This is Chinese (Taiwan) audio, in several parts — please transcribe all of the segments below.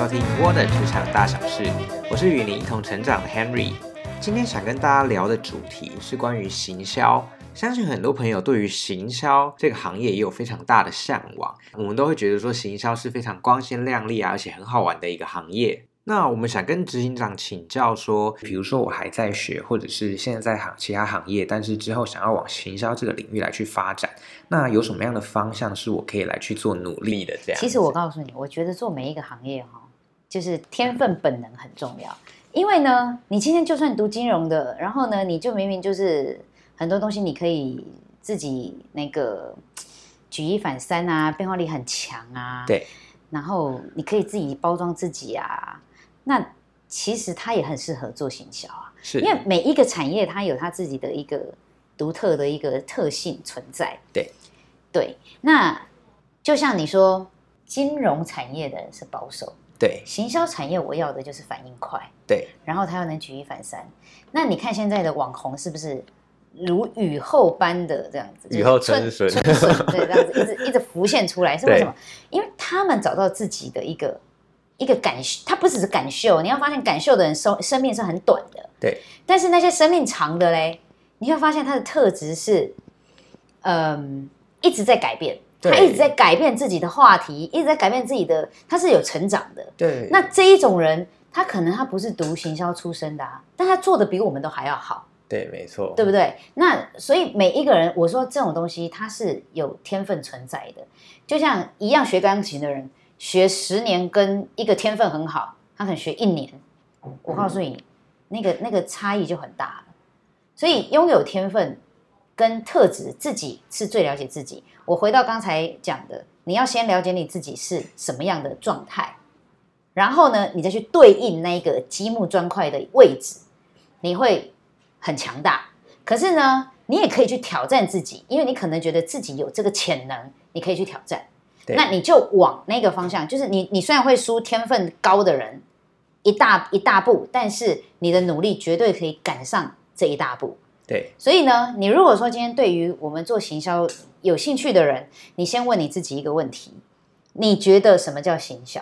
收聽我的職場大小事，我是與你一同成長的 Henry。今天想跟大家聊的主題是關於行銷，相信很多朋友對於行銷這個行業也有非常大的向往。我們都會覺得說行銷是非常光鮮亮麗啊，而且很好玩的一個行業。那我們想跟執行長請教說，比如說我還在學，或者是現在在行其他行業，但是之後想要往行銷這個領域來去發展，那有什麼樣的方向是我可以來去做努力的？這樣。其實我告訴你，我覺得做每一個行業哈。就是天分、本能很重要，因為呢，你今天就算讀金融的，然後呢，你就明明就是很多東西你可以自己那個舉一反三啊，變化力很強啊。對。然後你可以自己包裝自己啊，那其實他也很適合做行銷啊。是。因為每一個產業它有它自己的一個獨特的一個特性存在。對。對，那就像你說，金融產業的人是保守。對，行銷產業我要的就是反應快，對，然後他又能舉一反三。那你看現在的網紅是不是如雨後般的這樣子？雨後春筍，春筍 對，這樣子一直一直浮現出來，是為什麼？因為他們找到自己的一個一個感，他不只是感受，你要發現感受的人生生命是很短的，對。但是那些生命長的嘞，你會發現他的特質是，嗯，一直在改變。他一直在改變自己的話題，一直在改變自己的，他是有成長的。對，那這一種人，他可能他不是讀行銷出身的啊，但他做的比我們都還要好。對，沒錯，對不對？那所以每一個人，我說這種東西它是有天分存在的，就像一樣學鋼琴的人，學十年跟一個天分很好，他可能學一年，我告訴你，嗯，那個那個差異就很大了。所以擁有天分。跟特質，自己是最了解自己。我回到剛才講的，你要先了解你自己是什麼樣的狀態，然後呢，你再去對應那個積木磚塊的位置，你會很強大。可是呢，你也可以去挑戰自己，因為你可能覺得自己有這個潛能，你可以去挑戰。對。那你就往那個方向，就是你你雖然會輸天分高的人一大一大步，但是你的努力絕對可以趕上這一大步。所以呢，你如果說今天對於我們做行銷有興趣的人，你先問你自己一個問題：你覺得什麼叫行銷？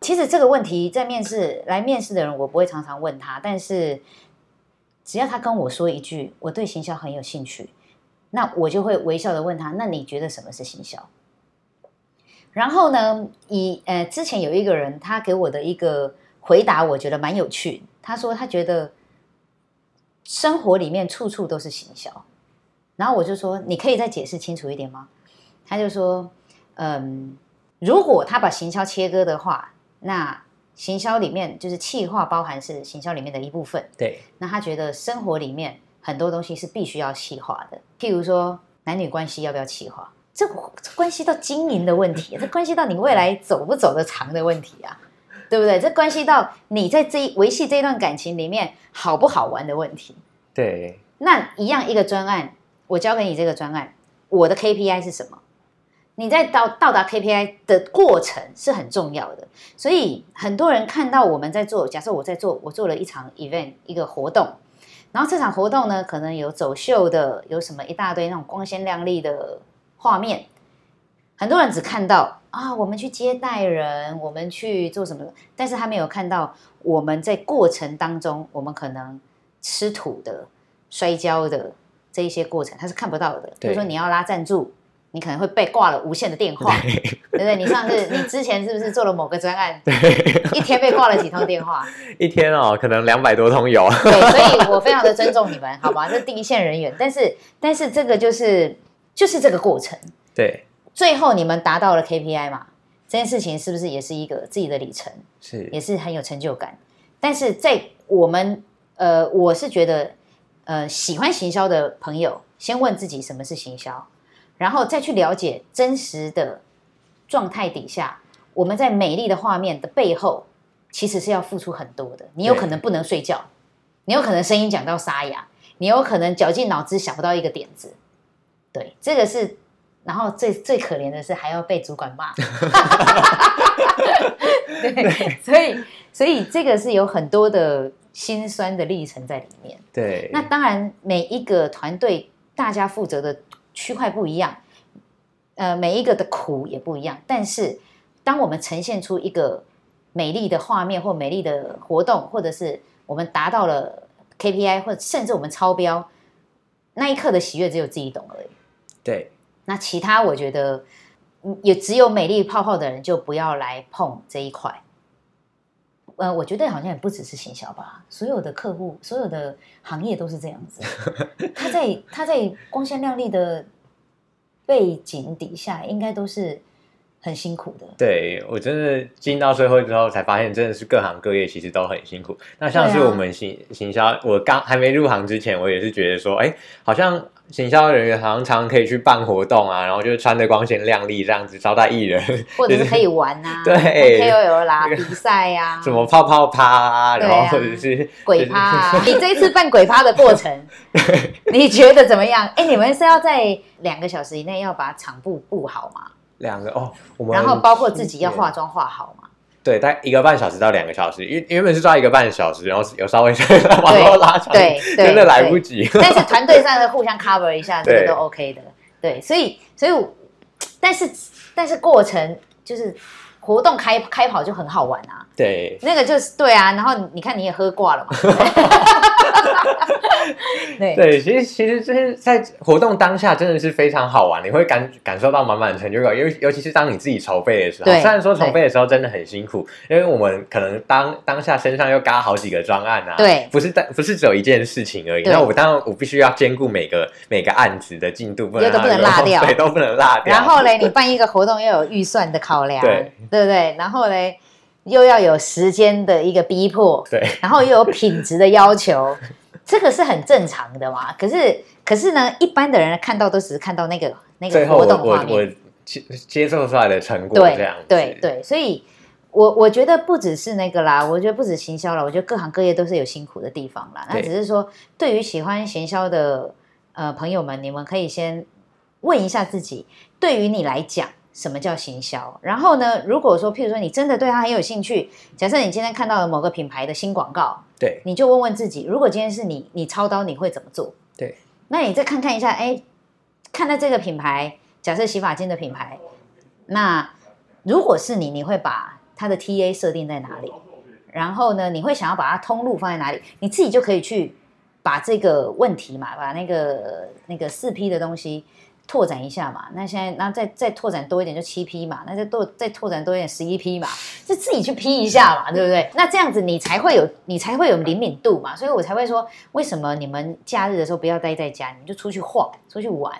其實這個問題在面試來面試的人，我不會常常問他，但是只要他跟我說一句我對行銷很有興趣，那我就會微笑的問他：那你覺得什麼是行銷？然後呢，以呃之前有一個人他給我的一個回答，我覺得蠻有趣。他說他覺得。生活裡面處處都是行銷，然後我就說，你可以再解釋清楚一點嗎？他就說，嗯，如果他把行銷切割的話，那行銷裡面就是企劃，包含是行銷裡面的一部分。對，那他覺得生活裡面很多東西是必須要企劃的，譬如說男女關係要不要企劃？這關係到經營的問題，這關係到你未來走不走得長的問題啊。對不對？這關係到你在這維繫這段感情裡面好不好玩的問題。對，那一樣一個專案，我交給你這個專案，我的 KPI 是什麼？你在到到達 KPI 的過程是很重要的。所以很多人看到我們在做，假設我在做，我做了一場 event，一個活動，然後這場活動呢，可能有走秀的，有什麼一大堆那種光鮮亮麗的畫面。很多人只看到啊、哦，我們去接待人，我們去做什麼，但是他沒有看到我們在過程當中，我們可能吃土的、摔跤的這一些過程，他是看不到的。比如說，你要拉贊助，你可能會被掛了無限的電話。對對,對，你上次你之前是不是做了某個專案對，一天被掛了幾通電話？一天哦，可能兩百多通有。對，所以我非常的尊重你們，好吧？這第一線人員，但是但是這個就是就是這個過程，對。最後你們達到了 KPI 嘛？這件事情是不是也是一個自己的里程？是，也是很有成就感。但是在我們呃，我是覺得呃，喜歡行銷的朋友，先問自己什麼是行銷，然後再去了解真實的狀態底下，我們在美麗的畫面的背後，其實是要付出很多的。你有可能不能睡覺，你有可能聲音講到沙啞，你有可能絞盡腦汁想不到一個點子。對，這個是。然後最最可憐的是還要被主管罵， 對， 對，所以所以這個是有很多的心酸的歷程在裡面。對，那當然每一個團隊大家負責的區塊不一樣，呃，每一個的苦也不一樣。但是當我們呈現出一個美麗的畫面或美麗的活動，或者是我們達到了 KPI，或者甚至我們超標，那一刻的喜悅只有自己懂而已。對。那其他我覺得也只有美麗泡泡的人就不要來碰這一塊。呃，我覺得好像也不只是行銷吧，所有的客戶、所有的行業都是這樣子。他在他在光鮮亮麗的背景底下，應該都是。很辛苦的，對我真的進到社會之後才發現，真的是各行各業其實都很辛苦。那像是我們行、啊、行銷，我剛還沒入行之前，我也是覺得說，哎，好像行銷人員好像常常可以去辦活動啊，然後就穿的光鮮亮麗這樣子招待藝人，或者是可以玩吶、啊就是，對，可以有有啦、那個、比賽啊，什麼泡泡趴啊，然後或、就、者是、啊、鬼趴、啊。就是、 你這一次辦鬼趴的過程， 你覺得怎麼樣？哎，你們是要在兩個小時以內要把場布布好嗎？兩個哦我們，然後包括自己要化妝化好嘛？對，大概一個半小時到兩個小時，原原本是抓一個半小時，然後有稍微往後拉長，對對，真的來不及。 但是團隊上的互相 cover 一下，都、這個、都 OK 的。對，所以所以，但是但是過程就是活動開開跑就很好玩啊。對，那個就是對啊。然後你看你也喝掛了嘛。 哈哈哈哈對，其實其實就是在活動當下，真的是非常好玩，你會感感受到滿滿的成就感。尤尤其是當你自己籌備的時候，雖然說籌備的時候真的很辛苦，因為我們可能當當下身上又軋好幾個專案吶、啊，對，不是單不是只有一件事情而已。那我當然我必須要兼顧每個每個案子的進度，個不能不能落掉，都不能落掉。然後嘞，你辦一個活動要有預算的考量，對對不對，對？然後嘞，又要有時間的一個逼迫，對，然後又有品質的要求， 這個是很正常的嘛。可是，可是呢，一般的人看到都只是看到那個那個活動畫面，我接接受出來的成果，對，這樣子，對對，所以，我我覺得不只是那個啦，我覺得不止行銷啦，我覺得各行各業都是有辛苦的地方啦。那只是說，對於喜歡行銷的呃朋友們，你們可以先問一下自己，對於你來講。什麼叫行銷？然後呢？如果說，譬如說，你真的對他很有興趣。假設你今天看到了某個品牌的新廣告，對，你就問問自己，如果今天是你，你操刀，你會怎麼做？對，那你再看看一下，哎、欸，看到這個品牌，假設洗髮精的品牌，那如果是你，你會把它的 TA 設定在哪裡？然後呢，你會想要把它通路放在哪裡？你自己就可以去把這個問題嘛，把那個那個四 P 的東西。拓展一下嘛，那現在那再再拓展多一點就 7P 嘛，那就多再拓展多一點 11P 嘛，就自己去 P 一下嘛，對不對？那這樣子你才會有你才會有靈敏度嘛，所以我才會說，為什麼你們假日的時候不要待在家，你們就出去晃、出去玩，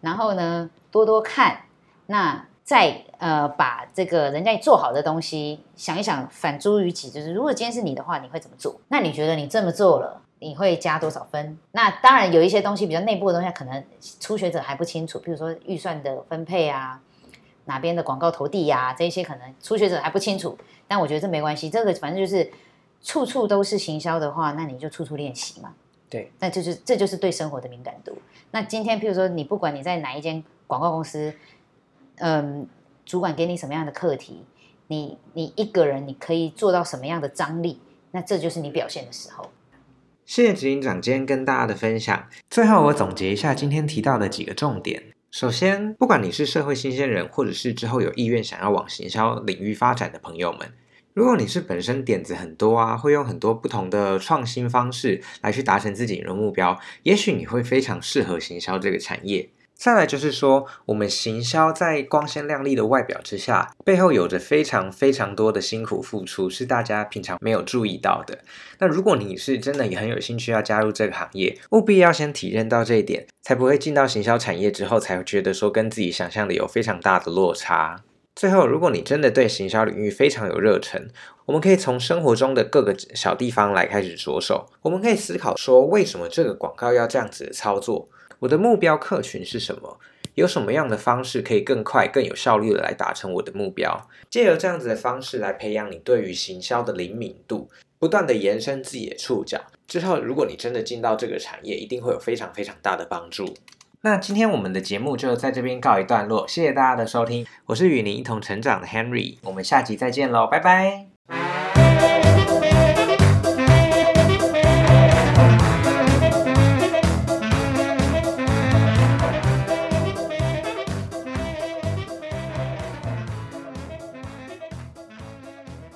然後呢，多多看，那再呃把這個人家做好的東西想一想，反諸於己，就是如果今天是你的話，你會怎麼做？那你覺得你這麼做了？你會加多少分？那當然有一些東西比較內部的東西，可能初學者還不清楚，譬如說預算的分配啊，哪邊的廣告投遞呀、啊，這些可能初學者還不清楚。但我覺得這沒關係，這個反正就是處處都是行銷的話，那你就處處練習嘛。對，那就是這就是對生活的敏感度。那今天，譬如說你不管你在哪一間廣告公司，嗯，主管給你什麼樣的課題，你你一個人你可以做到什麼樣的張力，那這就是你表現的時候。謝謝執行長今天跟大家的分享。最後，我總結一下今天提到的幾個重點。首先，不管你是社會新鮮人，或者是之後有意願想要往行銷領域發展的朋友們，如果你是本身點子很多啊，會用很多不同的創新方式來去達成自己的目標，也許你會非常適合行銷這個產業。再來就是說，我們行銷在光鮮亮麗的外表之下，背後有着非常非常多的辛苦付出，是大家平常沒有注意到的。那如果你是真的也很有興趣要加入這個行業，務必要先體驗到這一點，才不會進到行銷產業之後，才會覺得說跟自己想象的有非常大的落差。最後，如果你真的對行銷領域非常有熱忱，我們可以從生活中的各個小地方來開始着手。我們可以思考說，為什麼這個廣告要這樣子的操作？我的目標客群是什麼？有什麼樣的方式可以更快、更有效率的來達成我的目標？借由這樣子的方式來培養你對於行銷的靈敏度，不斷的延伸自己的觸角。之後，如果你真的進到這個產業，一定會有非常非常大的幫助。那今天我們的節目就在這邊告一段落，謝謝大家的收聽，我是與您一同成長的 Henry，我們下集再見嘍，拜拜。